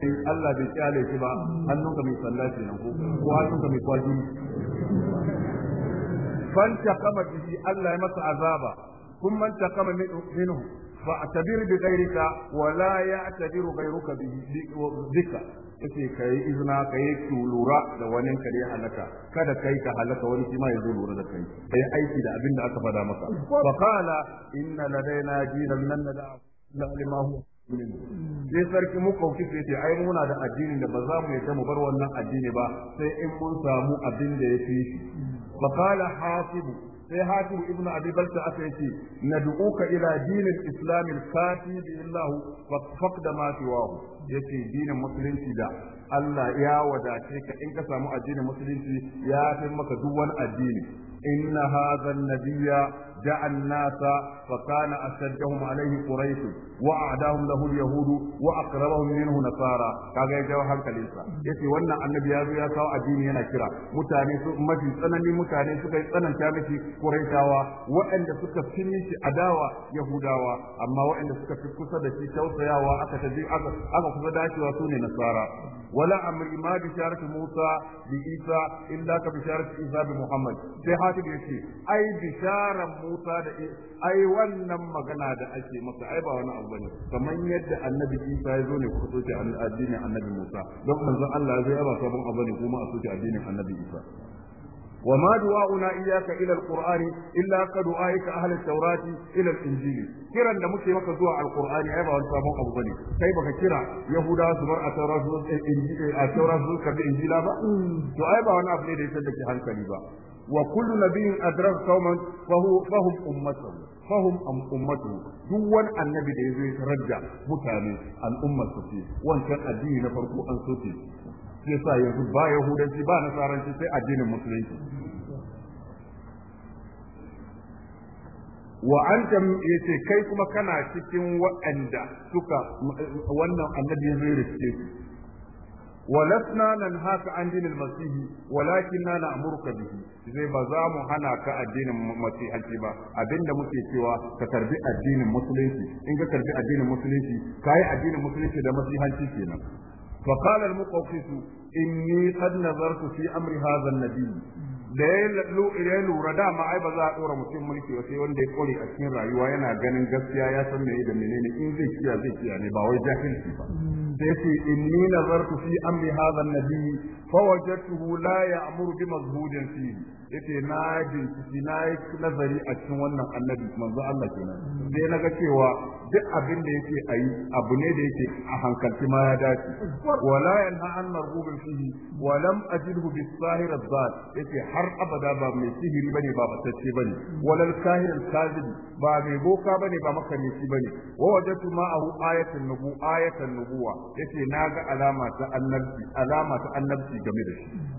sai Allah bai kyale shi ba hannunka mai sanda ce nan ko ko hannunka mai kwaji ta kama bihi Allah ya masa azaba kun ta kama minhu fa'tabir bi ghayrika wa la ya'tabir ghayruka bihi bika yace kai izina kai ki lura da wani ka dai halaka kada kai ka halaka wani shi ma ya zo lura da kai kai aiki da abin da aka fada maka fa qala inna ladaina jiran nan da lima huwa sai sarki mukauki sai ce ai muna da addini da ba za mu yi mu bar wannan addini ba sai in mun samu abin da ya fi shi fa qala hasibu sai hatibu ibn abi balta aka yace nad'uka ila dinil islam al-kafi bi illah wa faqda ma siwahu yace dinin musulunci da Allah ya wadace ka in ka samu addinin musulunci ya fi maka duk wani addini إن هذا النبي جاء الناس فكان nasa عليه قريش وأعداهم له اليهود وأقربهم منه نصارى كذا يجاو hankalinsa yace wannan annabi ya zo ya kawo addini yana kira mutane su mafi tsananin mutane suka yi tsananta mishi Quraishawa waɗanda suka fi mishi adawa Yahudawa amma waɗanda suka fi kusa da shi tausayawa aka tabi aka aka kusa dacewa su ne Nasara wala amri ma bisharatu Musa bi Isa illa ka bisharatu Isa Muhammad sai hatib yace ai bisharan Musa da ai wannan magana da ake masa ai ba wani abu bane kamar yadda annabi Isa ya zo ne kuka soke addinin annabi Musa don Allah ya zo ya ba sabon abu ne kuma a soke addinin annabi Isa وما دعاؤنا إياك إلى القرآن إلا كدعائك أهل التوراة إلى الإنجيل كرا da muke maka zuwa alqur'ani ai sabon abu bane kai baka kira yahuda su bar a taurat su eh, eh, a injila ba to ai ba abu ne da hankali ba wa kullu nabiyyin adrak qauman fa huwa fahum al'ummatu, duk wani annabi da yazo ya radda mutane al'ummar su wancan addini na farko an soke sai sa yanzu ba hudanci ba nasaranci sai addinin musulunci wa anta yace kai kuma kana cikin waɗanda suka wannan annabi ya riske su ولسنا ننهاك عن دين المسيح ولكننا amurka به zai ba za mu hana ka addinin masihanci ba abinda muke cewa ka karbi addinin musulunci in ka karbi addinin musulunci ka yi addinin musulunci da masihanci kenan fa qala al muqawqis inni qad nazartu fi amri hadha an-nabi da ya lura dama ai ba za a dora mutum mulki ba sai wanda ya kore a cikin rayuwa yana ganin gaskiya ya san meye da menene in zai kiya zai kiya ne ba wai jahilci ba da yake inni nazartu fi amri hadha an-nabi fa wajadtuhu la ya'muru bi mazhudin fihi yace na binciki na yi nazari a cikin wannan annabi manzo Allah kenan sai naga cewa duk abin da yake ayi abu ne da yake a hankalci ma ya dace wala yanha an marhubin fihi wa lam ajidhu bis sahir az-zat yace har abada ba mai sihiri bane ba batacce bane wala al-kahir al ba mai boka bane ba makamici bane wa wajatu ma'ahu ayatan nubu ayatan nubuwa yace ga alama ta annabci alama ta annabci game da shi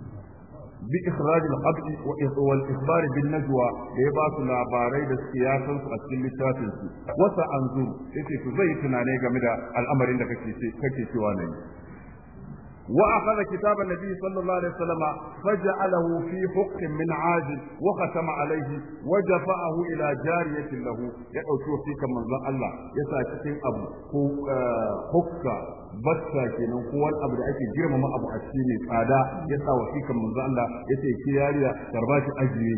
bi ikhraj al-abd wa al-ikhbar bin najwa da ya ba su labarai da siyasan su a cikin littafin su wasa anzur yace ku zai yi tunane game da al'amarin da kake kake cewa nan وأخذ كتاب النبي صلى الله عليه وسلم فجعله في حق من عاج وختم عليه وجفعه إلى جارية له يأتو فيك من ذا الله يساكتين أبو حكا bacca kenan ko wani abu da ake girmama abu a cikin tsada ya sa wa kan manzo Allah yace ki yariya karba shi ajiye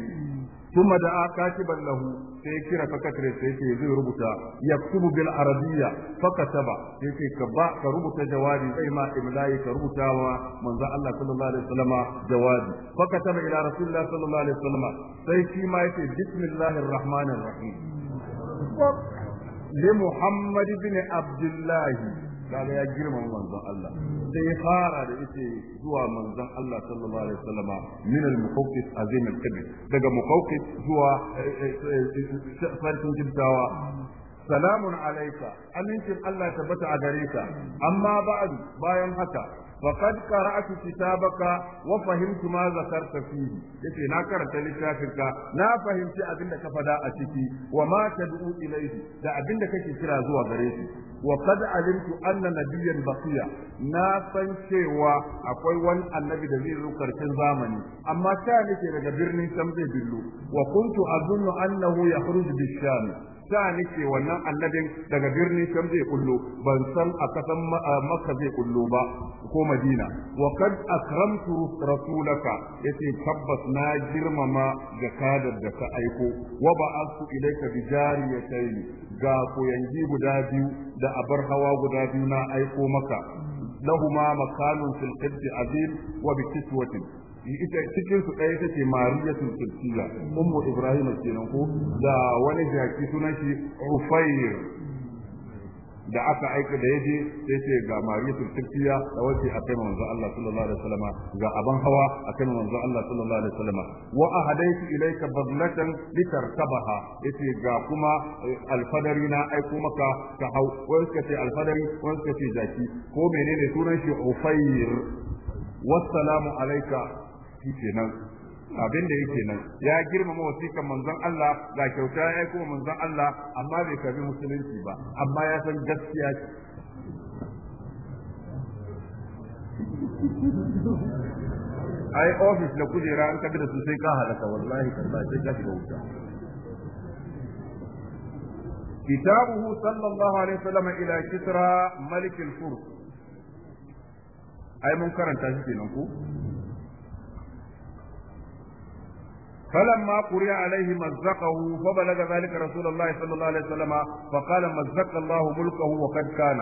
kuma da katiban lahu sai kira fakatare sai ce zai rubuta yaktubu bil arabiyya fakataba sai ce ka ba ka rubuta jawabi sai ma imlai ka rubuta wa Allah sallallahu alaihi wasallama jawabi fakataba ila rasulillah sallallahu alaihi wasallama sai shi ma yace bismillahir rahmanir rahim li muhammad ibn abdullah kaga ya girmama manzon Allah sai ya fara da ita zuwa manzon Allah sallallahu alaihi wasallam min al-muqawqis azim al-qibl daga muqawqis zuwa eh, eh, eh, sarkin jibtawa salamun alayka amincin Allah tabbata a gare ka amma ba'd bayan haka faqad qara'tu kitabaka wa fahimtu ma zakarta fihi yace na karanta littafinka na fahimci abinda ka fada a ciki wa ma tad'u ilayhi da abinda kake kira zuwa gare shi wa qad alimtu anna biyan basiya, na san cewa akwai wani annabi da zai zo karshen zamani amma ta nake daga birnin sham zai billo wa kuntu azunnu annahu yakhruj bisham ta nake wannan annabin daga birnin sham zai kullo ban san a kasan makka zai kullo ba ko madina wa qad akramtu rasulaka yace tabbas na girmama jakadar da ka aiko wa ba'athu ilayka bijariyatayn ga koyanji guda biyu da abar hawa guda biyu na aiko maka lahuma makalun fil qibti azim wa bi kiswatin ita cikin su ɗaya take Mariya Tulkiya ummu Ibrahim kenan ko da wani jaki sunan shi Ufayr da aka aika da yaje sai ce ga mariyatul turkiya da wace a kai manzo Allah sallallahu alaihi wasallam ga aban hawa a kai manzo Allah sallallahu alaihi wasallam wa ahadaitu ilayka badlatan litarkabaha yace ga kuma eh, alfadari na aiko maka ka hau wani suka ce alfadari wani suka ce jaki ko menene sunan shi ufair wassalamu alayka nan. abin da yake nan ya girmama wasikan manzon Allah da kyauta ya kuma manzon Allah amma bai karbi musulunci ba amma ya san gaskiya ce ai ofis da kujera an kabi da su sai ka halaka wallahi kan ba sai ka shiga wuta kitabuhu sallallahu alaihi wasallam ila kisra malik al-furs ai mun karanta shi kenan ko فلما قرئ عليه مزقه فبلغ ذلك رسول الله صلى الله عليه وسلم فقال مزق الله ملكه وقد كان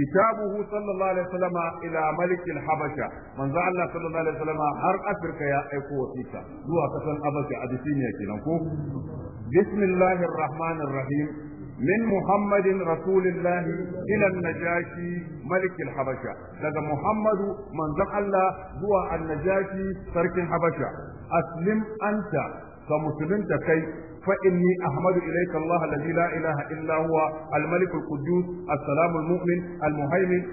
كتابه صلى الله عليه وسلم الى ملك الحبشه من الله صلى الله عليه وسلم هر افريكا يا ايكو وثيقه دوا كسن ابشا ادسينيا كينكو بسم الله الرحمن الرحيم من محمد رسول الله إلى النجاشي ملك الحبشة لذا محمد من ذق الله هو النجاشي ترك الحبشة أسلم أنت فمسلمت كي فإني أحمد إليك الله الذي لا إله إلا هو الملك القدوس السلام المؤمن المهيمن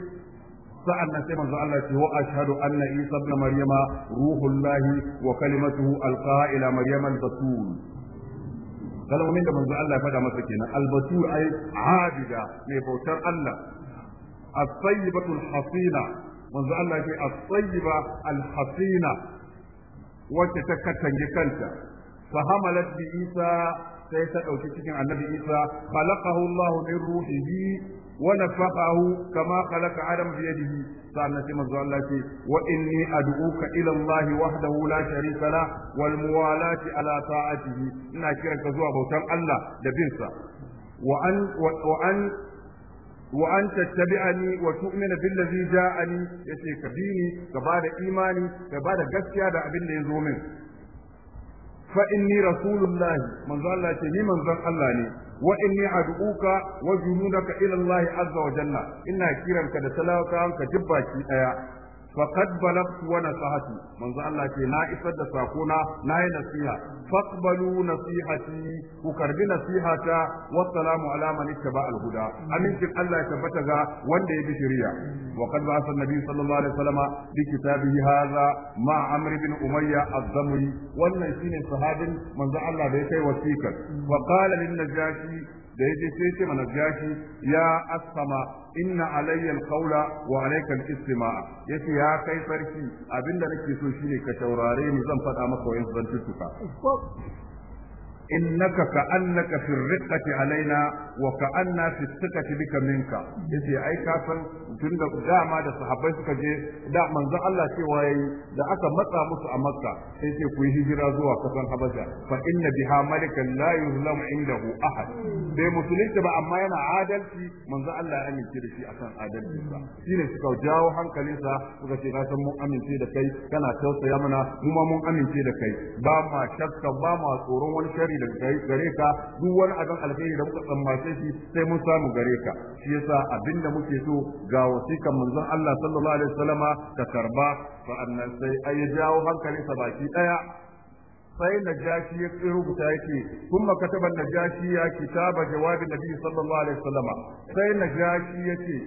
sa'an nan sai manzo Allah ce wa ashhadu anna Isa ibn Maryama ruhullahi wa kalimatuhu alqa ila Maryama al-batul kalmomin da manzo Allah ya faɗa masa kenan albatur ay abida mai bautar Allah as-sayyibatul hasina manzo Allah ya ce as-sayyiba al-hasina wacce ta katange kanta fa hamalat bi Isa sai ta dauki cikin annabi Isa khalaqahu Allah min ruhihi ونفخه كما خلق آدم في يده سألنا سيما الله وإني أدعوك إلى الله وحده لا شريك له والموالاة على طاعته إن أكرك زوا بوتان الله لبنسا وأن وأن وأن تتبعني وتؤمن بالذي جاءني يتي كبيني كبار إيماني كبار قسيا دا أبن يزومن فإني رسول الله من ظل الله من ظل الله wa inni ad'uka wa junudaka ila Allah azza wa jalla ina kiranka da talakawanka duk baki daya faqad balagtu wa nasahati manzo Allah ce na isar da sakona na yi nasiha faqbalu nasihati ku karbi nasihata wa salamu ala man ittaba al huda amincin Allah ya tabbata ga wanda ya bi shari'a wa qad ba'atha nabi sallallahu alaihi wasallam bi kitabihi hadha ma amr ibn umayya az-zamri wannan shine sahabin manzo Allah da ya kai wasiƙar wa qala lin najashi da yaje sai ce manajashi ya asama inna alayyan alqawla wa alayka alistima'a yace ya kai sarki abinda nake so shine ka taurare ni zan faɗa maka wayan zantuka innaka ka'annaka fi riqqati alaina wa ka'anna fi thiqati bika minka yace ai ka san tun da dama da sahabbai suka je da manzon Allah cewa yayi da aka matsa musu a Makka sai ce ku yi hijira zuwa kasan Habasha fa inna biha malikan la yuzlam indahu ahad bai musulunci ba amma yana adalci manzon Allah ya amince da shi akan adalcinsa shine suka jawo hankalinsa suka ce na san mun amince da kai kana tausaya mana mu ma mun amince da kai ba ma shakka ba ma tsoron wani sharri da gare ka duk wani abin alheri da muka tsammace shi sai mun samu gare ka shi yasa abinda muke so ga wasikan manzon Allah sallallahu alaihi wasallama ka karba sa'annan sai ai ya jawo hankalinsa baki daya sai najashi ya rubuta yake kuma kataba najashi ya kitaba jawabin nabi sallallahu alaihi wasallam sai najashi yake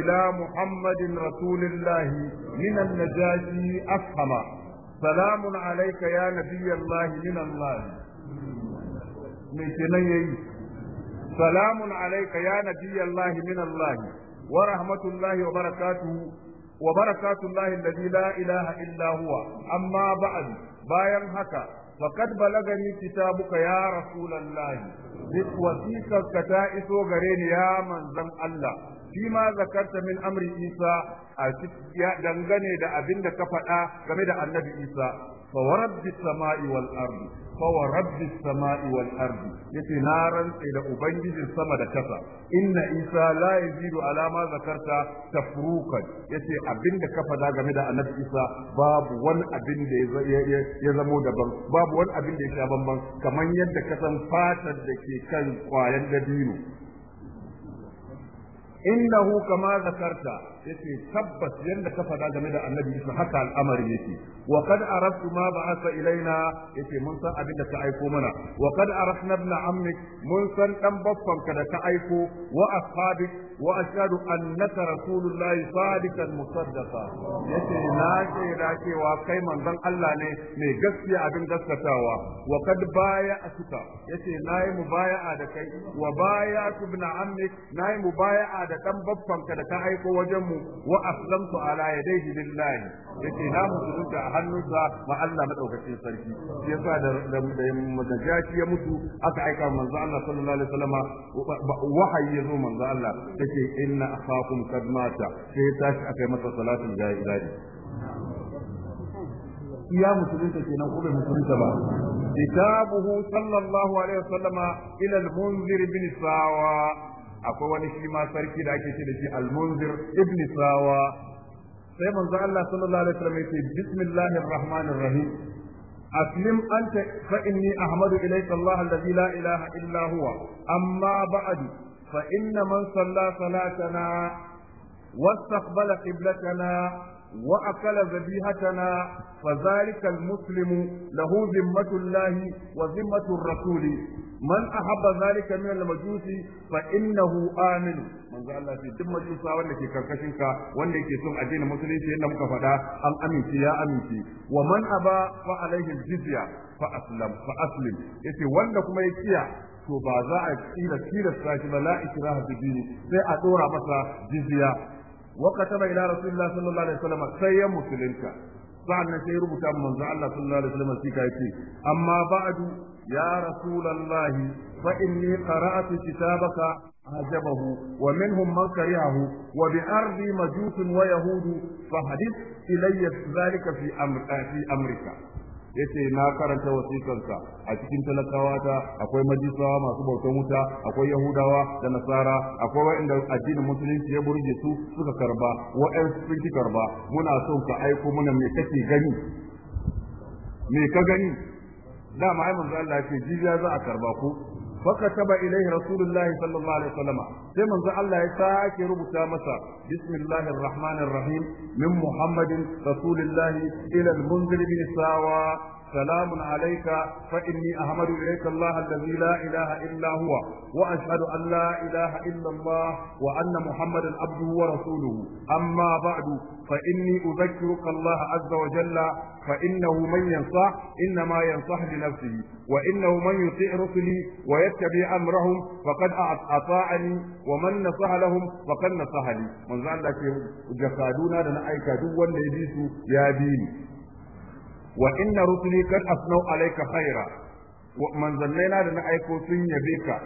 ila muhammadin rasulillahi minan najashi afhama salamun alayka ya nabiyallahi min allah mai kenan yayi salamun alaika, ya nabiy Allah min Allah wa rahmatullahi wa barakatuhu wa barakatullahi alladhi ilaha illa amma ba'd bayan haka faqad balagani kitabuka ya rasulullah bik wasika kata iso gare ni ya manzan Allah fima zakarta min amri isa a ya dangane da abin da ka faɗa game da annabi isa fa warabbi sama'i wal ardi fawa Rabbi samai wal ardi yace na rantsa da ubangijin sama da kasa inna isa la yajidu alama zakarta tafrukan yace abinda ka fada game da annabi isa babu wani abin da ya zamo daban babu wani abin da ya sha bamban kamar yadda ka san fatar da ke kan kwayan dabino innahu kama zakarta yace tabbas yanda ka faɗa game da annabi Isa haka al'amari yake wa qad araftu ma ba'atha ilaina yace mun san abin da ka aiko mana wa qad arafna ibn ammik mun san dan baffan ka da ka aiko wa ashabik wa ashhadu annaka rasulullahi sadiqan musaddaqa yace na ce da cewa kai manzon Allah ne mai gaskiya abin gaskatawa wa qad baya asuka yace nayi mubaya'a da kai wa baya ibn ammik nayi mubaya'a da dan baffan ka da ka aiko wajen mu wa aslamtu ala yadayhi lillahi yake na musulunta a hannunsa ma Allah madaukakin sarki yasa da da jashi ya mutu aka aika manzo Allah sallallahu alaihi wasallama wahayi ya zo manzo Allah yace inna akhakum kad mata sai tashi aka yi masa salatul jaizaji iya musulunta nan, ko bai musulunta ba kitabuhu sallallahu alaihi wasallama ila al-munzir bin sawa akwai wani shi ma sarki da ake ce da shi al ibn sawa sai manzo Allah sallallahu alaihi wasallam yace bismillahir rahmanir rahim أسلم أنت فإني أحمد إليك الله الذي لا إله إلا هو أما بعد فإن من صلى صلاتنا واستقبل قبلتنا وأكل ذبيحتنا فذلك المسلم له ذمة الله وذمة الرسول man ahabba zalika min al-majusi fa hu amin manzo Allah sai duk majusa wanda ke karkashin ka wanda yake son addinin musulunci yadda muka faɗa an amince ya amince wa man aba fa alaihi jizya fa aslam fa aslim yace wanda kuma ya kiya to ba za a kila tilasta shi ba la ikraha fi sai a ɗora masa jizya wa kataba ila rasulillah sallallahu alaihi wasallam sai ya musulunta sa'annan sai rubuta manzo Allah sallallahu alaihi wasallam sai yace amma ba'du ya rasulullahi fa inni qara'tu kitabaka عجبه ومنهم من كرهه وبأرضي مجوس ويهود فحدث إلي ذلك في أمر في أمرك yace na karanta wasikanka a cikin talakawa ta akwai majisawa masu bautan wuta akwai yahudawa da nasara akwai waɗanda addinin musulunci ya burge su suka karba waɗansu sun ki karba muna son ka aiko muna me kake gani me ka gani dama ai manzo Allah ce jibiya za a karba ku فكتب إليه رسول الله صلى الله عليه وسلم سيما الله يساك ربطا مسا بسم الله الرحمن الرحيم من محمد رسول الله إلى المنزل بن ساوى سلام عليك فإني أحمد إليك الله الذي لا إله إلا هو وأشهد أن لا إله إلا الله وأن محمدا عبده ورسوله أما بعد فإني أذكرك الله عز وجل فإنه من ينصح إنما ينصح لنفسه وإنه من يطيع رسلي ويتبع أمرهم فقد أطاعني ومن نصح لهم فقد نصح لي من ذلك جسادنا لنا أيكا دوا ليبيسوا يا ديني wa inna rusuli kad asnau alayka khaira wa manzannaina da na aiko sun yabe ka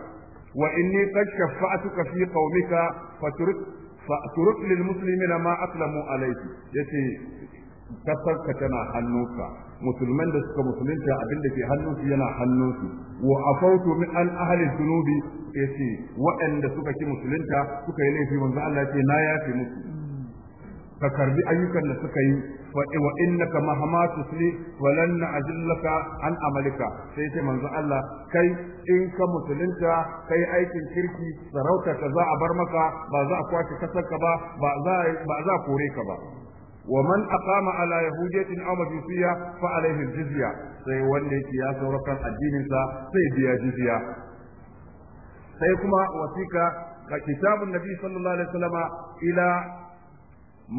wa inni qad shafa'tuka fi qaumika faturk faturk lil muslimina ma aslamu alayki yace kasarka tana hannunka musulman da suka musulunta abin da ke hannunsu yana hannunsu wa afautu min an ahli zunubi yace waɗanda suka ki musulunta suka yi laifi manzo Allah ce na yafe musu ka karbi ayyukan da suka yi wa innaka mahamatu tusli wa lan na'zillaka an amalika sai ce manzo Allah kai in ka musulunta kai aikin kirki sarauta ka za a bar maka ba za a kwace kasarka ba ba za ba za kore ka ba wa man aqama ala yahudiyatin aw majusiyya fa alaihi jizya sai wanda yake ya saurakan addinin sa sai biya jizya sai kuma wasika ga kitabun nabi sallallahu alaihi wasallama ila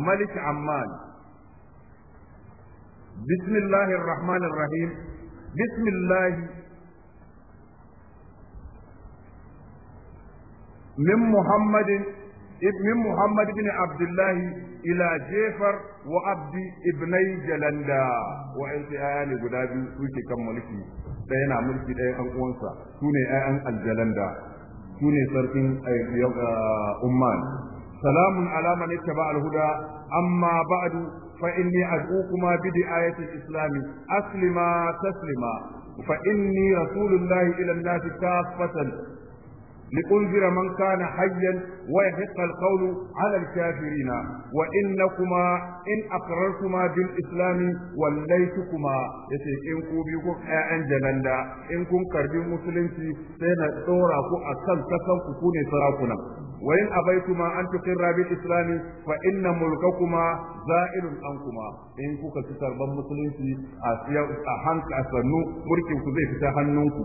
malik amman بسم الله الرحمن الرحيم بسم الله من محمد من محمد بن عبد الله إلى جيفر وعبد ابني جلندا وإنت آيان قدابي سوكي كم ملكي دينا ملكي دينا أنقوانسا سوني آيان الجلندا سوني سركن أمان سلام على من اتبع الهدى أما بعد فإني أدعوكما بدعاية الإسلام أسلما تسلما فإني رسول الله إلى الناس كافة لأنذر من كان حيا ويحق القول على الكافرين وإنكما إن أقررتما بالإسلام وليتكما يتي إن كوبيكم أعن جلندا إن كن كربي مسلمتي سينا دوراكو أكل كسن كوني سراكنا وإن أبيتما أن تقر بالإسلام فإن ملككما زائل أنكما إن كوكا تتربى مسلمتي أحنك أسنو مركب كذي فتحنوكو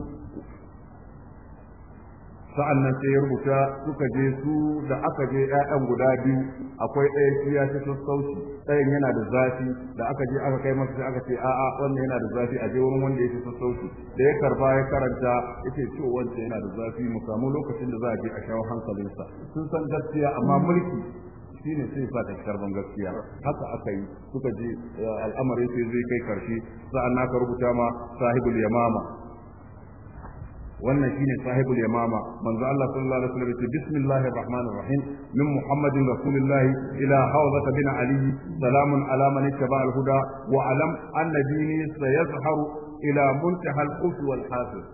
sa'annan sai ya rubuta suka je su da aka je ƴaƴan guda biyu akwai ɗaya shi ya ci sassauci ɗayan yana da zafi da aka je aka kai masa sai aka ce a'a wannan yana da zafi a je wurin wanda ya ci sassauci da ya karba ya karanta yace to wanda yana da zafi mu samu lokacin da za a je a shawo hankalinsa sun san gaskiya amma mulki shine sai sa ta karban gaskiya haka aka yi suka je al'amarin sai zai kai karshe sa'an naka rubuta ma sahibul yamama wannan shine sahibul yamama manzo Allah sallallahu alaihi wasallam ce bismillahir rahmanir rahim min muhammadin rasulillahi ila hawzata bin ali salamun ala man ittaba al huda wa alam anna dini sayazharu ila muntaha al qut wal hasir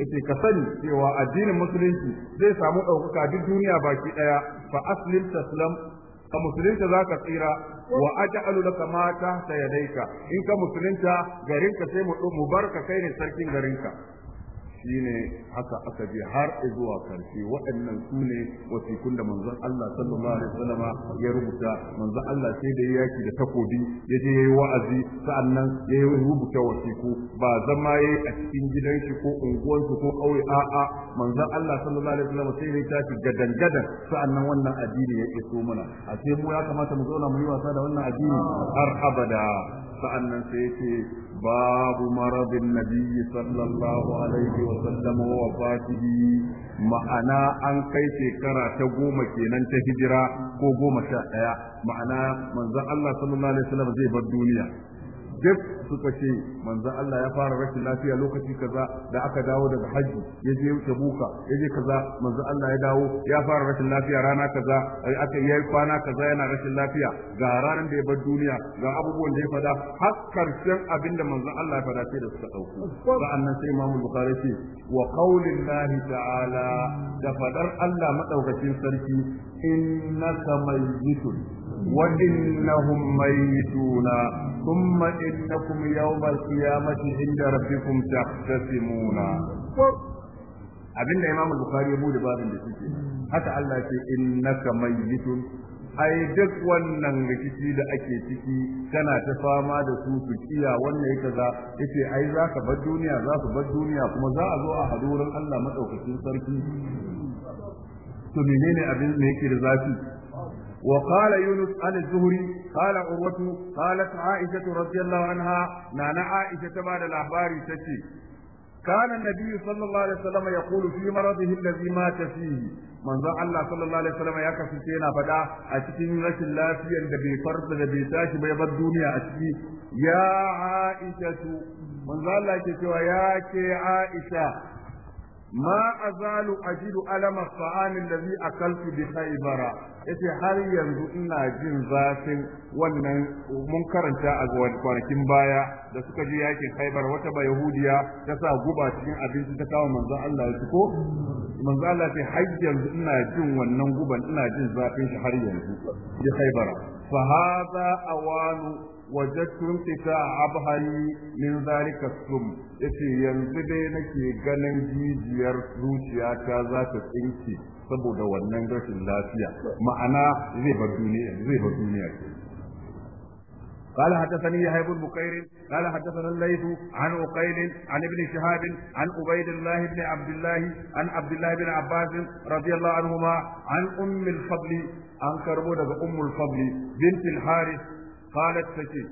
yace ka sani cewa addinin musulunci zai samu ɗaukaka duk duniya baki ɗaya. fa aslim taslam ka musulunta ka tsira wa aj'alu laka ma tahta yadayka in ka musulunta garinka sai mu mu barka kai ne sarkin garinka shine haka aka je har zuwa karshe waɗannan su ne wasikun da manzon Allah sallallahu alaihi wasallam ya rubuta manzon Allah sai da yaki da takobi ya je yayi wa'azi sa'annan ya yi rubuta wasiku ba zama yayi a cikin gidan shi ko unguwar ko kauye a'a manzon Allah sallallahu alaihi wasallam sai ya tashi gadan gadan sa'annan wannan addini ya iso mana a sai mu ya kamata mu zauna mu yi wasa da wannan addini har abada sa'annan sai yake babu maradin nabiyyi sallallahu alaihi wa sallam wa fatihi ma'ana an kai shekara ta goma kenan ta hijira ko goma sha ɗaya ma'ana manzon Allah sallallahu alaihi wa Sallama zai bar duniya duk suka ce manzo Allah ya fara rashin lafiya lokaci kaza da aka dawo daga hajji, ya je buka, ya je kaza manzo Allah ya dawo ya fara rashin lafiya rana kaza eh, aka yi kwana kaza yana rashin lafiya ga ranar da ya bar duniya ga abubuwan da ya fada har karshen abinda manzo Allah ya fada sai da suka dauko nan sai Imam Bukhari ce wa qaulillahi ta'ala da fadar Allah madaukakin sarki innaka mayyitun wa innahum mayyituna thumma innakum Yau أنكم يوم القيامة عند ربكم تختصمون abinda Imam Bukhari ya bude babin da suke haka Allah ce innaka mayyitun ai duk wannan rikici da ake ciki kana ta fama da su su kiya wannan ya kaza yace ai za ka bar duniya za ka bar duniya kuma za a zo a hadurin Allah madaukakin sarki to menene abin da yake da zafi وقال يونس عن الزهري قال عروة قالت عائشة رضي الله عنها نانا عائشة بعد الأخبار تشي كان النبي صلى الله عليه وسلم يقول في مرضه الذي مات فيه manzon Allah sallallahu alaihi wasallam ya kasance yana faɗa a cikin rashin lafiyar da bai farsa da bai tashi bai bar duniya a ciki ya Aisha manzon Allah ke cewa ya ce Aisha ma azalu ajidu alama sa'amin da zai akaltu bi khaybara yace har yanzu ina jin zafin wannan mun karanta a kwanakin baya da suka je yakin khaybar wata ba yahudiya ta sa guba cikin abinci ta kawo manzon Allah ya ko manzon Allah sai har yanzu ina jin wannan guban ina jin zafin shi har yanzu bi khaybara fa hadha awanu wajattu fita abhali min zalika sum yace yanzu dai nake ganin jijiyar zuciya ta za ta tsinke saboda wannan rashin lafiya ma'ana zai bar duniya zai bar duniya قال حدثنا يحيى بن بكير قال حدثنا الليث عن عقيل عن ابن شهاب عن عبيد الله بن عبد الله عن عبد الله بن عباس رضي الله عنهما عن ام الفضل عن كربودة قالت tace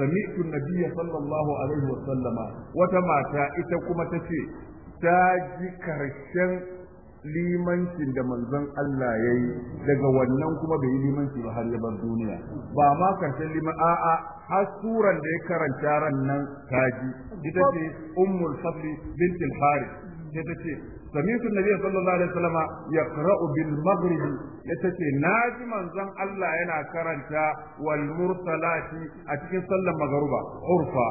سمعت النبي sallallahu alaihi wa sallama wata mata ita kuma tace ta ji karshen limancin da manzon Allah yayi daga wannan kuma bai yi limanci ba har ya bar duniya ba ma karshen liman a'a har suran da ya karanta ran nan ta ji ita ce ummul fadli bint al-harith ita ce سمعت النبي صلى الله عليه وسلم يقرأ بالمغرب يتتي ناجي من زن الله ينا كرنتا والمرسلات أتكين صلى مغربا عرفا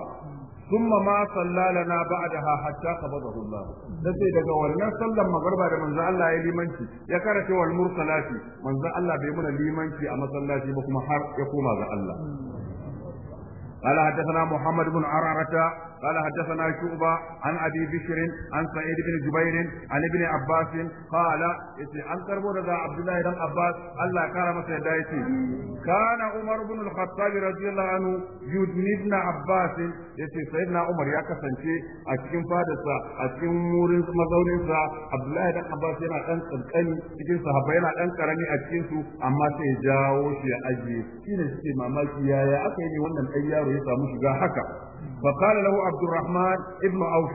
ثم ما صلى لنا بعدها حتى قبضه الله sai daga wannan sallan magarba da manzo Allah ya limanci ya karanta wal mursalati manzo Allah bai muna limanci a masallaci ba kuma har ya koma ga Allah قال حدثنا محمد بن عرعرة قال حدثنا شعبة عن أبي بشر عن سعيد بن جبير عن ابن عباس قال عن كربون عبد الله بن عباس الله كرم سيدايتي كان عمر بن الخطاب رضي الله عنه يدني ابن عباس يتي سيدنا عمر يا كسنتي أشكين فادسا أشكين مورين مزولينسا عبد الله بن عباس yana ɗan kankani cikin sahabbai yana ɗan karami a cikin su amma sai jawo shi ya ajiye shine suke mamaki yaya aka yi ne wannan ɗan yaro ya samu shiga haka فقال له عبد الرحمن ابن عوف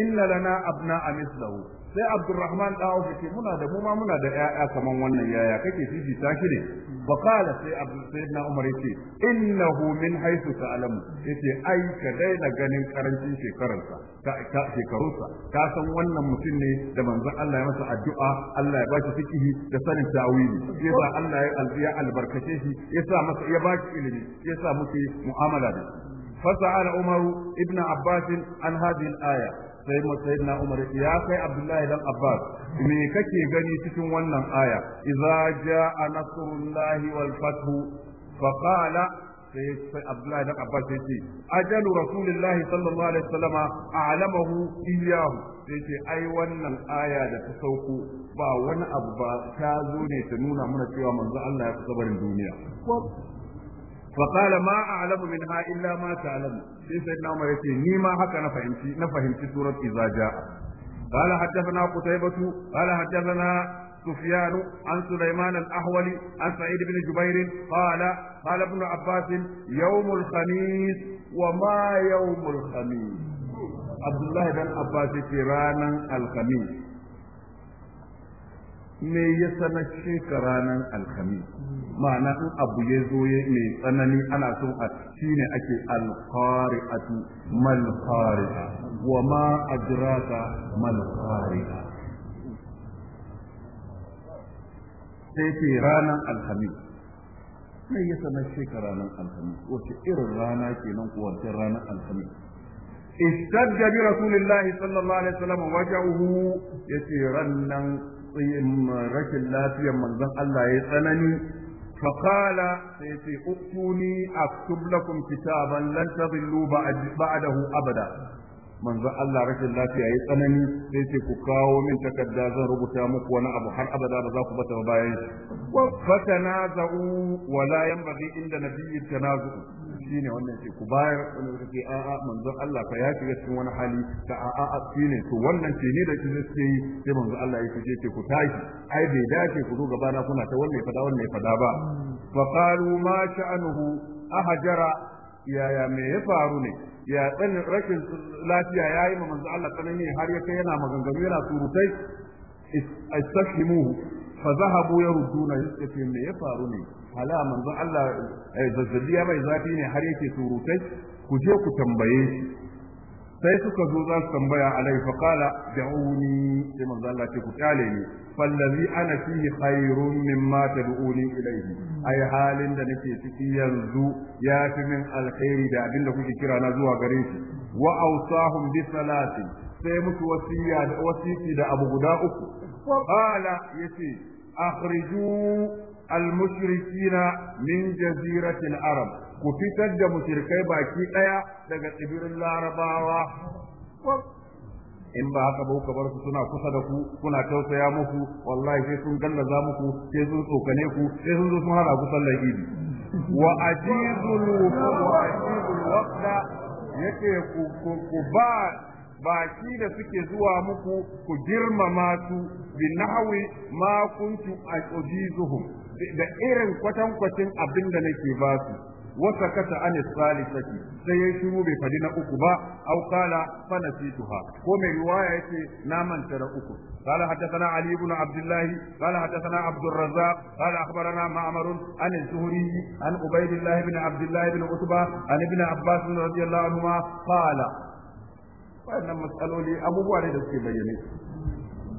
إن لنا أبناء مثله sai Abdulrahman da Auf yake muna da mu ma muna da yaya kaman wannan yaya kake fifi ta shi ne fa qala sai Abdul Sayyidina Umar yace innahu min haythu ta'lamu yace ai ka daina ganin karancin shekarunsa ka ka shekarunsa ka san wannan mutum ne da manzon Allah ya masa addu'a Allah ya bashi fikihi da sanin tawili yasa Allah ya albiya albarkace shi yasa masa ya bashi ilimi yasa muke mu'amala da shi فسأل عمر ابن عباس عن هذه الآية سيما سيدنا عمر يا أخي عبد الله بن عباس me kake gani cikin wannan aya idza jaa nasrullahi wal fath fa qala sai Abdullahi dan Abbas sai ce ajalu Rasulullah sallallahu alaihi wasallama a'lamahu iyyahu sai ce ai wannan aya da ta sauko ba wani abu ba ta zo ne ta nuna mana cewa manzo Allah ya fi sabarin duniya فقال ما أعلم منها إلا ما تعلم سيدنا عمر يقول ما حكى نفهمتي نفهمتي سورة إذا جاء قال حدثنا قتيبة قال حدثنا سفيان عن سليمان الأحول عن سعيد بن جبير قال قال ابن عباس يوم الخميس وما يوم الخميس عبد الله بن عباس رانا الخميس me ya sanashe ka ranar alhamis ma'ana in abu ya zo ya mai tsanani ana so a shine ake a tu malkhari wa ma a adraka mal qari'a sai ce ranar alhamis sai ya sanashe ka ranar alhamis wace irin rana ke nan kuwa ranar alhamis اشتد برسول الله صلى الله عليه وسلم وجهه يتيرنا rashin lafiyar manzon Allah ya tsanani فقال سيتي اكتوني اكتب لكم كتابا لن تضلوا بعده ابدا abada ذا الله رشد الله في tsanani sai ce ku kawo min takarda zan rubuta muku wani abu har abada ba za ku bata bayan shi wa fatanaza'u wa la yanbaghi inda nabiyyi tanazu'u shine wannan ce ku bayar wannan ce a a manzon Allah ka ya shiga cikin wani hali ta a a shine to wannan ce ni da kike yi, sai manzon Allah ya ce ce ku tashi ai bai dace ku zo gaba na kuna ta wannan ya fada wannan ya fada ba fa qalu ma sha'anuhu ahajara yaya me ya faru ne ya tsanin rashin lafiya yayi ma manzo Allah tsanani har ya kai yana maganganu yana surutai istafhimuhu fa zahabu yarudduna yace me ya faru ne hala manzon Allah eh, zazzabi mai zafi ne har yake surutai ku je ku tambaye shi sai suka zo za su tambaya alai fa qala da'uni sai manzo Allah ce ku tale ni fallazi ana fihi khairun mimma tad'uni ilayhi ai halin da nake ciki yanzu ya fi min alkhairi da abin da kuke kira na zuwa gare shi wa awsahum bi salati sai musu wasiya da wasiki da abu guda uku qala yace akhriju al-mushrikina min jaziratil arab ku fitar da mushrikai baki daya daga tsibirin larabawa in ba haka ba ku bar su suna kusa da ku kuna tausaya muku wallahi sai sun gallaza muku sai sun tsokane ku sai sun zo sun hada ku sallar idi wa ajizul wa ajizul waqta yake ku ku ba baki da suke zuwa muku ku girmama su bi nahwi ma kuntum ajizuhum da irin kwatankwacin abin da nake ba su wata kata an saki sai ya shiru bai fadi na uku ba aw qala fa nasituha ko mai riwaya yace na manta da uku قال حدثنا علي بن عبد الله قال حدثنا عبد الرزاق قال اخبرنا معمر عن الزهري عن عبيد الله بن عبد الله بن عتبه عن ابن عباس رضي الله عنهما قال ابو بكر da suke bayyane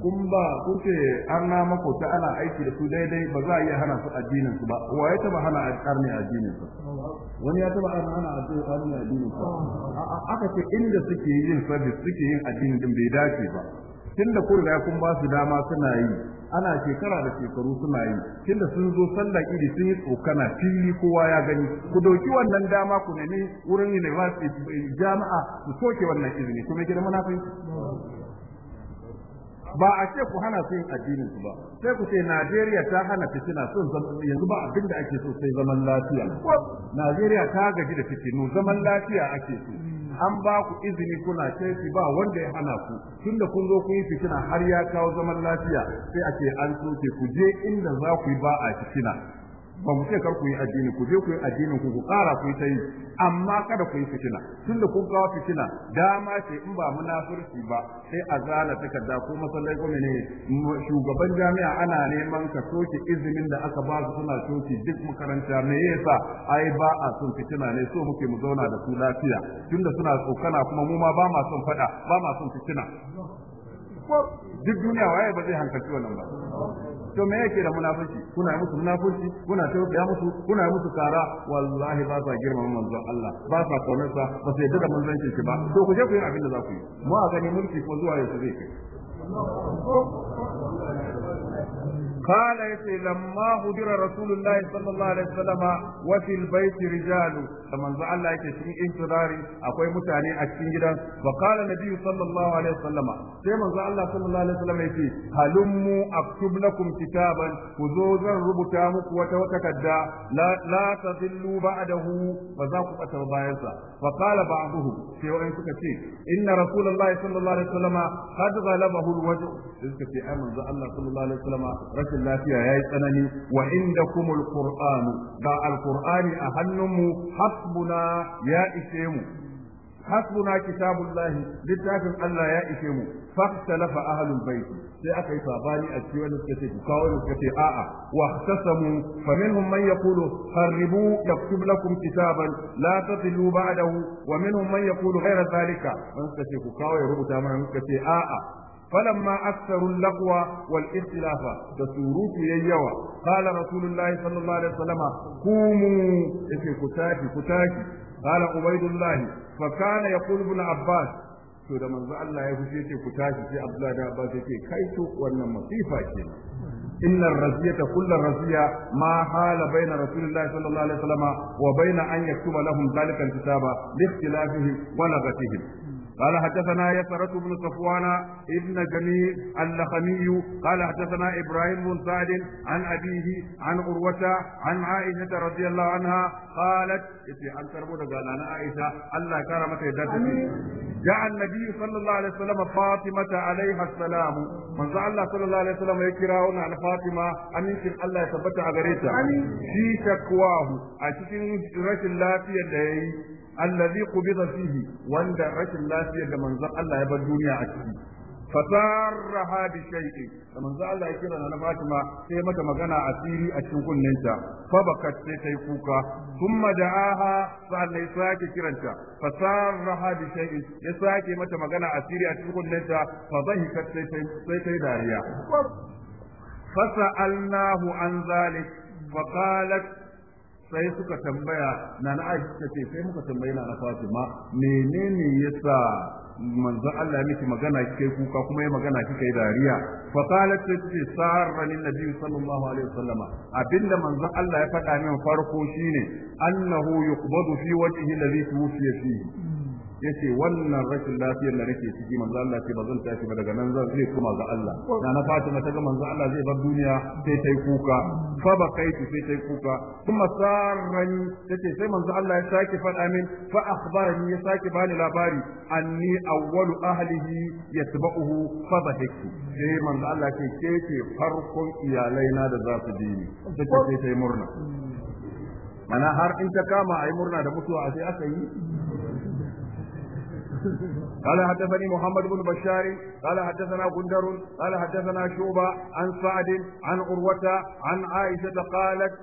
kun ba kun ce an na makota ana aiki da su daidai ba za a iya hana su addinin su ba wa ya taba hana addinin su wani ya taba hana addinin su aka ce inda suke yin service suke yin addinin din bai dace ba tunda kun riga kun ba su dama suna yi ana shekara da shekaru suna yi tunda sun zo sallar idi sun yi tsokana fili kowa ya gani ku dauki wannan dama ku nemi wurin university jami'a ku soke wannan izini kuma gidan munafi ba a ce ku hana su yin addinin su ba sai ku ce Najeriya ta hana fitina sun yanzu ba abin da ake so sai zaman lafiya Najeriya ta gaji da fitinu zaman lafiya ake so an ba ku izini kuna kaifi ba wanda ya hana ku tunda kun zo kun yi fitina har ya kawo zaman lafiya sai a ce an soke ku je inda za ku yi ba a fitina ba mu ce kar ku yi addini ku je ku yi addini ku kara ku yi ta yi amma kada ku yi fitina tunda kun kawo fitina dama ce in ba munafurci ba sai a zana takarda ko masallai ko ne shugaban jami'a ana neman ka soke izinin da aka ba su suna soke duk makaranta me yasa ai ba a son fitina ne so muke mu zauna da su lafiya tunda suna tsokana kuma mu ma ba ma son fada ba ma son fitina duk duniya waye ba zai hankalci wannan ba to me yake da munafiki kuna musu munafiki kuna tausaya musu kuna musu kara wallahi ba sa girmama manzon Allah ba sa kaunarsa ba sai da manzon shi ba to ku je ku yi abin da za ku yi mu a gani mulki ko zuwa yau zai kai qala yace lamma hudira rasulullahi sallallahu alaihi wasallama wa fil baiti rijalu da manzo Allah yake cikin intizari akwai mutane a cikin gidan Bakala qala nabiyyu sallallahu alaihi wasallama sai manzo Allah sallallahu alaihi wasallama yace halummu aktub lakum kitaban ku zo zan rubuta muku wata takadda la la tadillu ba'dahu ba za ku bata bayan sa fa qala ba'dahu sai wa'in suka ce inna rasulullahi sallallahu alaihi wasallama qad ghalabahu alwajh suka ce Allah sallallahu alaihi rashin lafiya yi tsanani wa indakumul qur'anu ga alqur'ani a hannunmu hasbuna ya ishe mu hasbuna kitabullahi littafin Allah ya ishe mu fahtalafa ahlul bait sai aka yi sabani a cikin wani suka ce ku kawo wani suka ce a'a wa ihtasamu fa minhum man yaqulu harribu yaktub lakum kitaban la tatilu ba'dahu wa minhum man yaqulu ghayra dhalika wani suka ce ku kawo ya rubuta mana suka ce a'a فلما أكثروا اللقوة والاختلاف تسوروك ييوا قال رسول الله صلى الله عليه وسلم قوموا في كتاكي كتاكي قال عبيد الله فكان يقول ابن عباس to da manzo Allah ya fushi yake ku tashi sai Abdullahi da Abbas yake kai to wannan masifa ke inna raziyata kullu raziya ma hala baina rasulillahi sallallahu alaihi wasallam wa baina an yaktuba lahum zalika alkitaba li ikhtilafihim wa laghatihim قال حدثنا يسرة بن صفوان ابن جميل اللخمي قال حدثنا إبراهيم بن سعد عن أبيه عن عروة عن عائشة رضي الله عنها قالت يتي عن كربونا قال أنا عائشة الله كرمك يدتني جاء النبي صلى الله عليه وسلم فاطمة عليها السلام من زعل الله صلى الله عليه وسلم يكراون على فاطمة أن يمكن الله يثبت أغريتا في شكواه أشكين رشي الله في يديه allazi qubida fihi wanda rashin lafiya da manzon Allah ya bar duniya a ciki fasarraha bi shay'in da manzo Allah ya kira na Fatima sai mata magana asiri a cikin kunninta fa bakat sai tai kuka thumma da'aha sai sake kiranta fasarraha bi shay'in ya sake mata magana asiri a cikin kunninta fa dhahikat sai tai sai tai dariya an zalik فقالت sai suka tambaya na na aisha ta ce sai muka tambayi na na fatima menene yasa manzo Allah ya miki magana kike kuka kuma ya magana kike dariya fa qalat tati sarra nabi sallallahu alaihi wasallam abinda manzo Allah ya faɗa min farko shine annahu yuqbadu fi wajhi alladhi tuwfiya fihi yace wannan rashin lafiyar da nake ciki manzo Allah ce bazan tashi ba daga nan zan zai kuma ga Allah na na Fatima ta ga manzo Allah zai bar duniya sai tai kuka fa bakaitu sai tai kuka kuma sarrani tace sai manzo Allah ya sake faɗa min fa akhbarani ya sake bani labari anni awwalu ahlihi yatba'uhu fa dhahiktu sai manzo Allah ce ke ce farkon iyalaina da za su bi ni sai ta murna mana har in ta kama a yi murna da mutuwa sai aka yi قال حدثني محمد بن بشار قال حدثنا قندر قال حدثنا شوبة عن سعد عن عروة عن عائشة قالت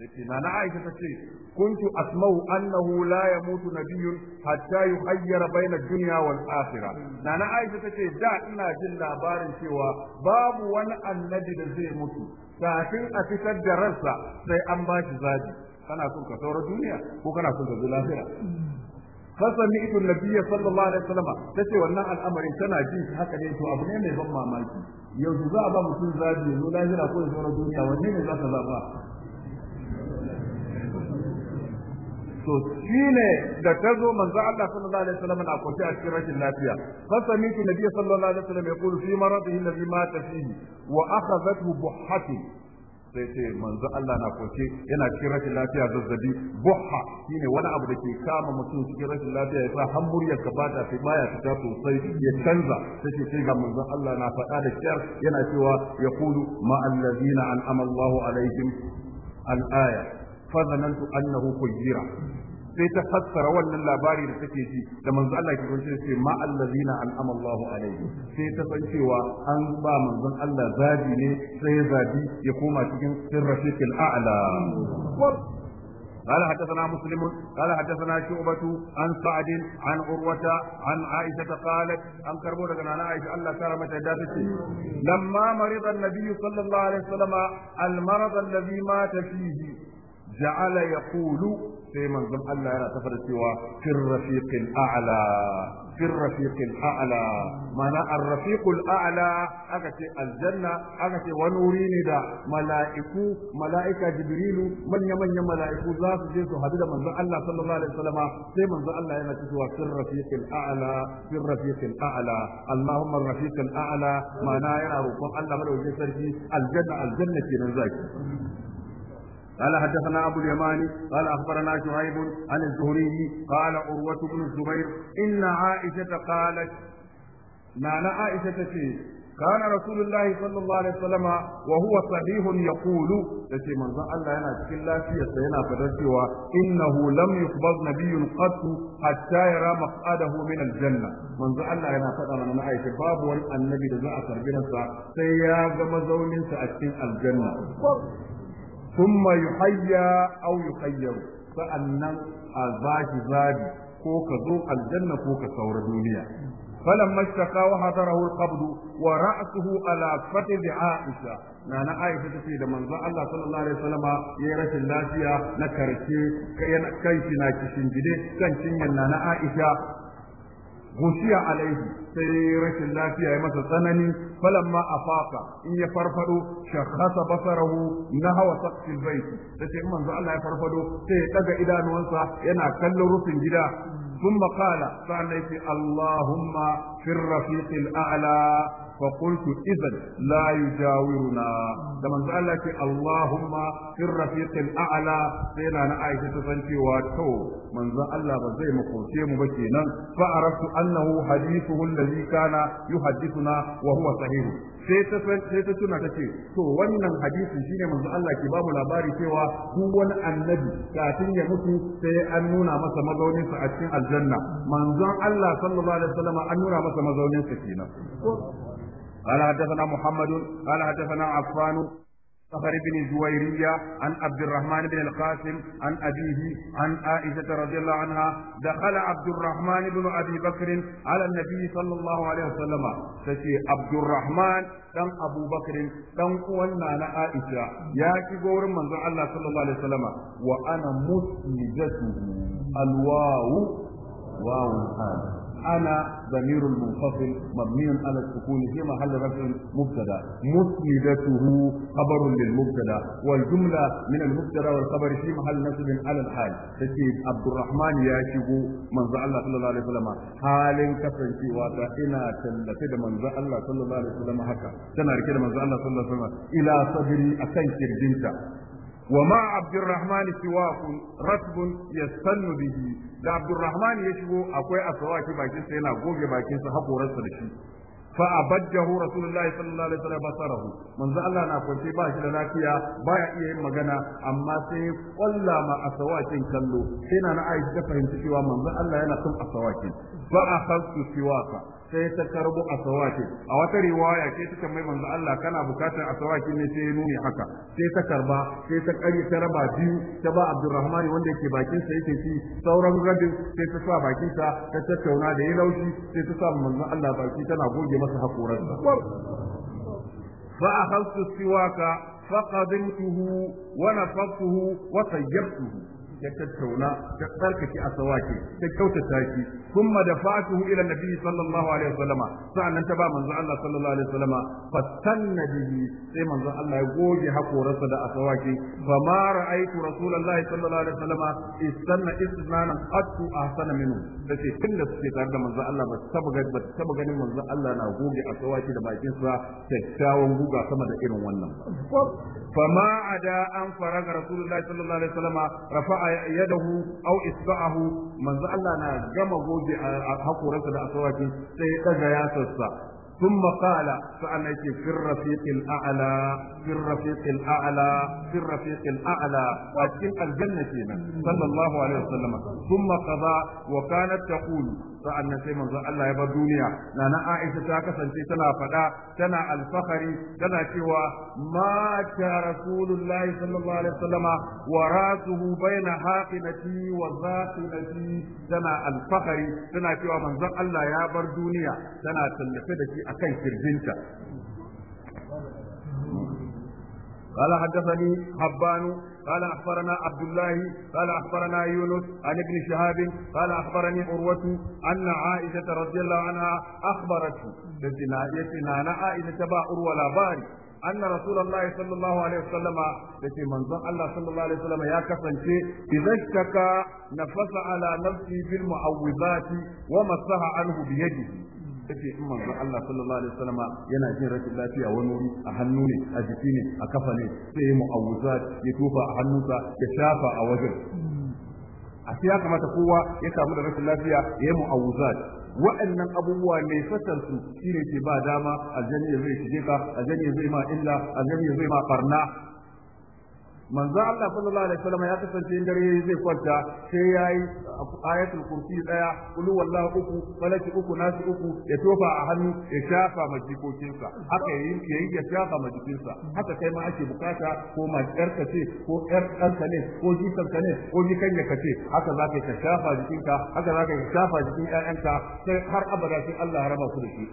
لكن عائشة تشيء كنت أسمع أنه لا يموت نبي حتى يخير بين الدنيا والآخرة نانا عائشة تشيء دا إنا جل بارن سوى باب وان النبي لزي موت كافر أتسد درسة سي أنباش زادي كان son ka saura وكان ko kana fasami ibn nabiyya sallallahu alaihi wasallam tace wannan al'amarin tana jin haka ne to abu ne mai ban mamaki yanzu za a ba mutum zabi yanzu jira ko yanzu na duniya wanne ne za ka zaba to shine da ta zo manzo Allah sallallahu alaihi wasallam na kwace a cikin rashin lafiya fasami ibn nabiyya sallallahu alaihi wasallam yaqulu fi maradihi alladhi mata fihi wa akhadhathu buhati. sai ce manzo Allah na koke yana cikin rashin lafiya zazzabi buha shine wani abu da ke kama mutum cikin rashin lafiya ya sa hamburiyar ka bata sai baya fita sosai ya canza sai ce sai ga manzo Allah na faɗa da kyar yana cewa yaqulu ma allazina an'ama Allahu alaihim al-aya fa zanantu annahu kujira sai ta fassara wannan labari da take ji da manzo Allah ke kunce ce ma allazina an'ama Allahu alaihi sai ta san cewa an ba manzon Allah zabi ne sai ya zabi ya koma cikin sirrafiqil a'la قال حدثنا مسلم قال حدثنا شعبة عن سعد عن عروة عن عائشة قالت عن كربونة عن عائشة الله كرمت دافتي لما مرض النبي صلى الله عليه وسلم المرض الذي مات فيه ja'ala yaqulu sai manzon Allah yana tafar cewa fir rafiqil a'la fir rafiqil a'la mana ar rafiqul a'la aka ce aljanna aka ce wani wuri ne da mala'iku mala'ika jibrilu manya manya mala'iku za su je su hadu da manzon Allah sallallahu alaihi wasallama sai manzon Allah yana cewa fir rafiqil a'la fir rafiqil a'la allahumma rafiqil a'la mana yana roƙon Allah madaukakin sarki aljanna aljanna kenan zaki قال حدثنا ابو اليمان قال اخبرنا شعيب عن الزهري قال عروة بن الزبير ان عائشة قالت ما لا عائشة تسي كان رسول الله صلى الله عليه وسلم وهو صحيح يقول تسي من ظن الله هنا تكي الله في السينا فتسيوا انه لم يقبض نبي قط حتى يرى مقعده من الجنة من ظن الله هنا فتر من عائشة باب النبي لزا اثر بنا سيابا مزولين سأكتين الجنة thumma yuhayya aw yukhayyaru sa'annan a zashi zabi ko ka zo aljanna ko ka saura duniya فلما اشتكى وحضره القبض ورأسه على فتد عائشة نانا عائشة تفي لمن الله صلى الله عليه وسلم يرش اللاسية نكرشي كينا كيشنا كشنجده كان شنيا نانا عائشة a alaihi sai rashin lafiya ya masa tsanani falamma afaka in ya farfado shakhasa basarahu hawa saqfil bait sai manzo Allah ya farfado sai ya daga idanuwansa yana kallon rufin gida ثم قال فعليك "Allahumma fir الرفيق ala" فقلت إذا لا يجاورنا لما قال لك اللهم في الرفيق الأعلى سينا أنا عائشة تسنتي واتو من ذا الله بزي مقوتي مبكينا فعرفت أنه حديثه الذي كان يحدثنا وهو صحيح sai ta suna ta ce to wannan hadisin shine manzo Allah ke bamu labari cewa duk wani annabi kafin ya mutu sai an nuna masa mazauninsa a cikin aljanna manzon Allah sallallahu alaihi wasallam an nuna masa mazauninsa kenan قال حدثنا محمد قال حدثنا عفان فخر بن زويرية عن عبد الرحمن بن القاسم عن أبيه عن عائشة رضي الله عنها دخل عبد الرحمن بن أبي بكر على النبي صلى الله عليه وسلم فشي عبد الرحمن دم أبو بكر دم قولنا أنا عائشة يا كبور من الله صلى الله عليه وسلم وأنا مسندته الواو واو الحال أنا ضمير منفصل مبني على السكون في محل رفع مبتدا مسندته خبر للمبتدا والجملة من المبتدا والخبر في محل نصب على الحال تسيب عبد الرحمن ياشبو من زعل الله صلى الله عليه وسلم حال كفن في واتا إنا تلتد من زعل الله صلى الله عليه وسلم هكا تنا ركد من زعل الله صلى الله عليه وسلم إلى صدري أكن كرجنتا وما عبد الرحمن سواك ya يستن به da Abdurrahman ya shigo akwai asawaki bakin sa yana goge bakin sa hakoransa da shi fa abajjahu rasulullahi sallallahu alaihi wasallam basarahu manzo Allah na kwance ba shi da lafiya baya iya yin magana amma sai ya kwalla ma kallo sai na aiki ta fahimci cewa manzo Allah yana son asawakin fa akhadtu siwaka sai ta karbo asawaki a wata riwaya sai ta mai manzo Allah kana bukatar asawaki ne sai ya nuni haka sai ta karba sai ta kare ta raba biyu ta ba Abdurrahman wanda yake bakin sa yake ci sauran rabin sai ta sa bakin sa ta tattauna da yi laushi sai ta sa manzo Allah baki tana goge masa hakoran sa fa akhadtu siwaka faqadimtuhu wa nafaqtuhu wa sayyabtuhu ya tattauna ta tsarkake asawaki ta kyautata shi kuma da fatuhu ila nabi sallallahu alaihi wasallama sa'annan ta ba manzo Allah sallallahu alaihi wasallama fatanna bihi sai manzo Allah ya goge hakorarsa da asawaki fa ma ra'aytu rasulullahi sallallahu alaihi wasallama istanna istinanan attu ahsana minhu dace tunda suke tare da manzo Allah ba taba ga ba ganin manzo Allah na goge asawaki da bakin sa kyakkyawan guga sama da irin wannan fa ma ada an faraga rasulullahi sallallahu alaihi yadahu aw isba'ahu manzo Allah na gama goge hakoransa da asawaki sai ya daga yasarsa ثم قال فأنك في الرفيق الأعلى في الرفيق الأعلى في الرفيق الأعلى وأتكين الجنة صلى الله عليه وسلم ثم قضى وكانت تقول sa'an nan sai manzon Allah ya bar duniya nana Aisha ta kasance tana faɗa tana alfahari tana cewa ma ta rasulullahi sallallahu alaihi wasallama wa rasuhu baina haqinati wa zaqinati tana alfahari tana cewa manzo Allah ya bar duniya tana tallafe da shi akan kirjinta قال حدثني حبان قال أخبرنا عبد الله قال أخبرنا يونس عن ابن شهاب قال أخبرني عروة أن عائشة رضي الله عنها أخبرته لتنا أنا عائشة با عروة لاباري أن رسول الله صلى الله عليه وسلم التي منظر الله صلى الله عليه وسلم يا كفن إذا اشتكى نفس على نفسه بالمعوذات ومسها عنه بيده yace in manzo Allah sallallahu alaihi yana jin rashin lafiya wani wuri a hannu ne a jiki ne a kafa ne sai mu'awuzat ya tofa a hannunsa ya shafa a wajen a sai ya kamata kowa ya kamu da rashin lafiya ya yi mu'awuzat wa'annan abubuwa ne fatar su shine ke ba dama aljanna zai shige ka aljanna zai ma illa aljanna zai ma farna manzo Allah sallallahu alaihi wasallam ya kasance dare zai kwanta sai yayi ayatul kursi daya kulu wallahu uku falaki uku nasi uku ya tofa a hannu ya shafa majikokinsa haka yayi yayi ya shafa majikinsa haka kai ma ake bukata ko ma yarka ce ko yar ne ko ka ne ko jikanya ka ce haka za ka shafa jikinka haka za ka shafa jikin ƴaƴanka sai har abada sai Allah ya raba su da shi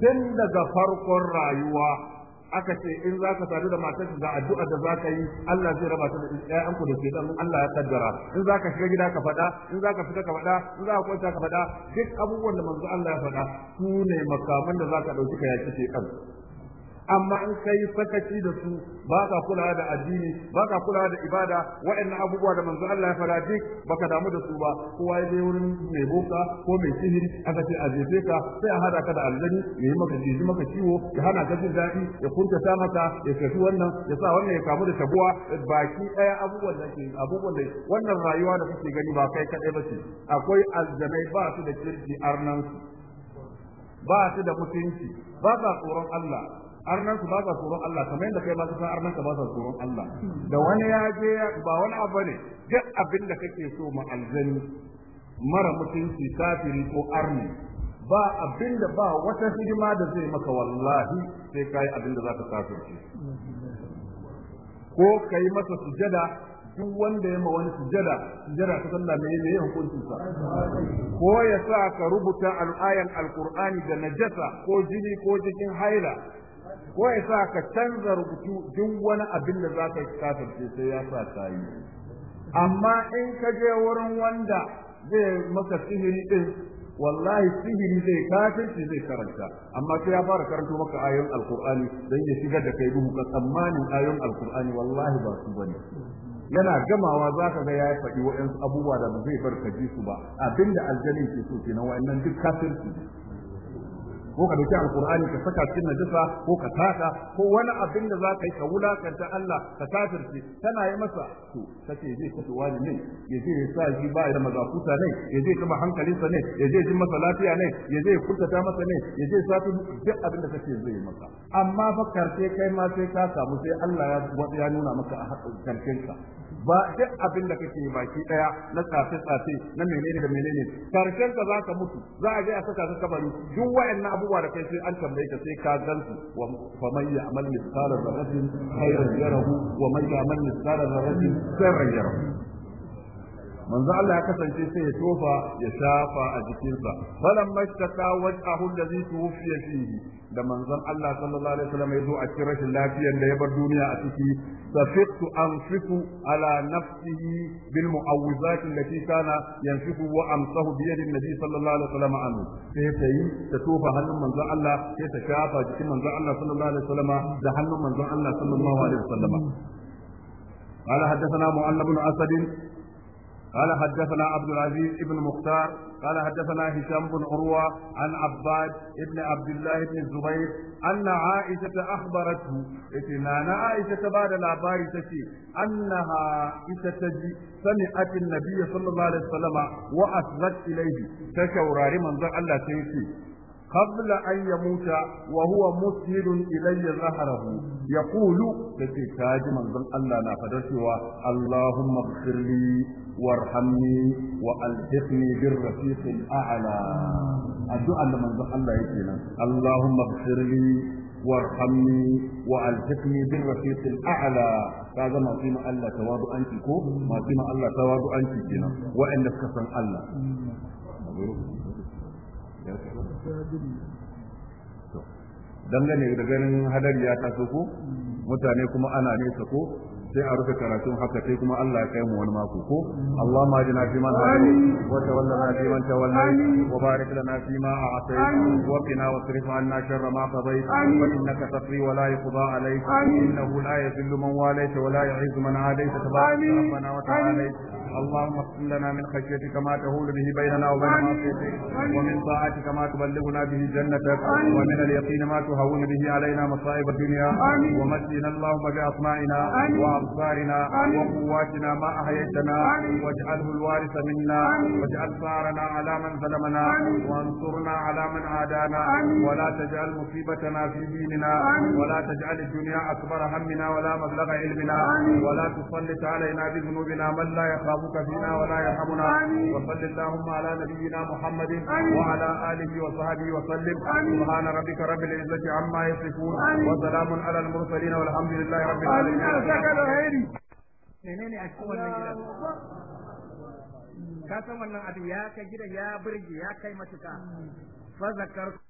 sai daga farkon rayuwa aka ce in za ka sadu da matar ga addu'a da za ka yi Allah zai raba ta da ɗayan ku da ke dan Allah ya kaddara in za ka shiga gida ka faɗa in za ka fita ka faɗa in za ka kwanta ka faɗa duk abubuwan da manzo Allah ya faɗa su ne makaman da za ka ɗauki ka yaki shekan amma in kai sakaci da su ba ka kula da addini ba ka kula da ibada waɗannan abubuwa da manzo Allah ya fara ba ka damu da su ba Ko ya je wurin mai boka ko mai sihiri aka ce a jefe ka sai a hada ka da aljani ya yi maka jiji maka ciwo ya hana ka jin daɗi ya kuntata maka ya tafi wannan ya sa wannan ya kamu da tabuwa baki ɗaya abubuwan da ke abubuwan da wannan rayuwa da kake gani ba kai kaɗai ba ce akwai aljanai ba su da kirki arnansu ba su da mutunci ba sa tsoron Allah arnan su ba sa tsoron Allah kamar yadda kai ma san arnan ka ba sa tsoron Allah da wani ya je ba wani abu ne duk abin da kake so ma aljani mara mutunci kafiri ko arni ba abin da ba wata hidima da zai maka wallahi sai kai abin da zaka ka kafirce ko kai masa sujada duk wanda ya ma wani sujada sujada ta sallah mai ne hukuncin sa ko ya sa ka rubuta al'ayan qurani da najasa ko jini ko jikin haila ko ya sa ka canza rubutu duk wani abin da za ka kafirce sai ya sa ta yi amma in ka je wurin wanda zai maka sihiri din wallahi sihiri zai kafirci zai karanta amma sai ya fara karanto maka ayoyin alkur'ani dan ya shigar da kai duhu ka tsammanin ayoyin alkur'ani wallahi ba su bane yana gamawa za ka ga ya faɗi wayansu abubuwa da ba zai bar ka ji su ba abinda aljanin ke so kenan wa'annan duk kafirci ne ko ka dauki alqur'ani ka saka cikin najasa ko ka taka ko wani abin da za ka yi ka wulakanta Allah ka kafirce tana yi masa to kace zai kace wani ne ya zai sa shi ba da mazakuta ne ya zai kuma hankalinsa ne ya zai ji masa lafiya ne ya zai kuntata masa ne ya sa sati duk abin da kace zai masa amma fa karshe kai ma sai ka samu sai Allah ya nuna maka a karkenka ba duk abin da kake baki daya na tsafe tsafe na menene da menene karshen ka zaka mutu za a je a saka ka kabari duk wayannan abubuwa da kai sai an tambaye ka sai ka gansu wa faman ya'mal mithqala dharratin khayran yarahu wa man ya'mal mithqala dharratin sharran yarahu manzo Allah ya kasance sai ya tofa ya shafa a jikinsa falan mashtaka waj'ahu allazi tuwfiya fihi da manzon Allah sallallahu alaihi wasallam ya zo a cikin rashin lafiyar da ya bar duniya a ciki safiqtu anfiqu ala nafsihi bil mu'awwizat allati kana yanfiqu wa amsahu bi yadi nabi sallallahu alaihi wasallam anhu sai ta yi ta tofa hannun manzon Allah sai ta shafa jikin manzon Allah sallallahu alaihi wasallam da hannun manzon Allah sallallahu alaihi wasallam قال حدثنا مؤلف بن اسد قال حدثنا عبد العزيز بن مختار قال حدثنا هشام بن عروة عن عباد بن عبد الله بن الزبير أن عائشة أخبرته إتنان عائشة بعد العبار تشي أنها إتتجي سمعت النبي صلى الله عليه وسلم وأسرت إليه تشورار من ذا الله تيشي قبل أن يموت وهو مسند إلي ظهره يقول تتكاج من ذا الله نافدشوا اللهم اغفر لي وارحمني والحقني بالرفيق الاعلى الدعاء لمن الله يكينا اللهم اغفر لي وارحمني والحقني بالرفيق الاعلى kaga masu yi Allah tawadu anki ko masu yi Allah tawadu anki kenan wa'anda suka san Allah dangane da ganin hadari ya taso ko mutane kuma ana nesa ko sai a rufe karatun haka sai kuma Allah ya kai mu wani mako ko Allah ma jina fi man hadi wa tawallana fi man tawallai wa barik lana fi ma a'tai wa qina wa sirif anna sharra ma qadait wa innaka taqdi wa la yuqda alayk innahu la yadhillu man walayta wa la yu'izzu man adayta tabarak rabbana wa ta'ala اللهم اغفر لنا من خشيتك ما تهول به بيننا وبين معصيتك ومن طاعتك ما تبلغنا به جنتك ومن اليقين ما تهون به علينا مصائب الدنيا ومسجنا اللهم بأسمائنا وأبصارنا وقواتنا ما أحييتنا واجعله الوارث منا واجعل ثارنا على من ظلمنا وانصرنا على من عادانا ولا تجعل مصيبتنا في ديننا ولا تجعل الدنيا أكبر همنا ولا مبلغ علمنا ولا تسلط علينا بذنوبنا من لا يخاف يرحمك فينا ولا يرحمنا وصل اللهم على نبينا محمد وعلى آله وصحبه وسلم سبحان ربك رب العزة عما يصفون وسلام على المرسلين والحمد لله رب العالمين menene a cikin wannan gidan ka san wannan abu ya kai gidan ya burge ya kai matuka fa zakar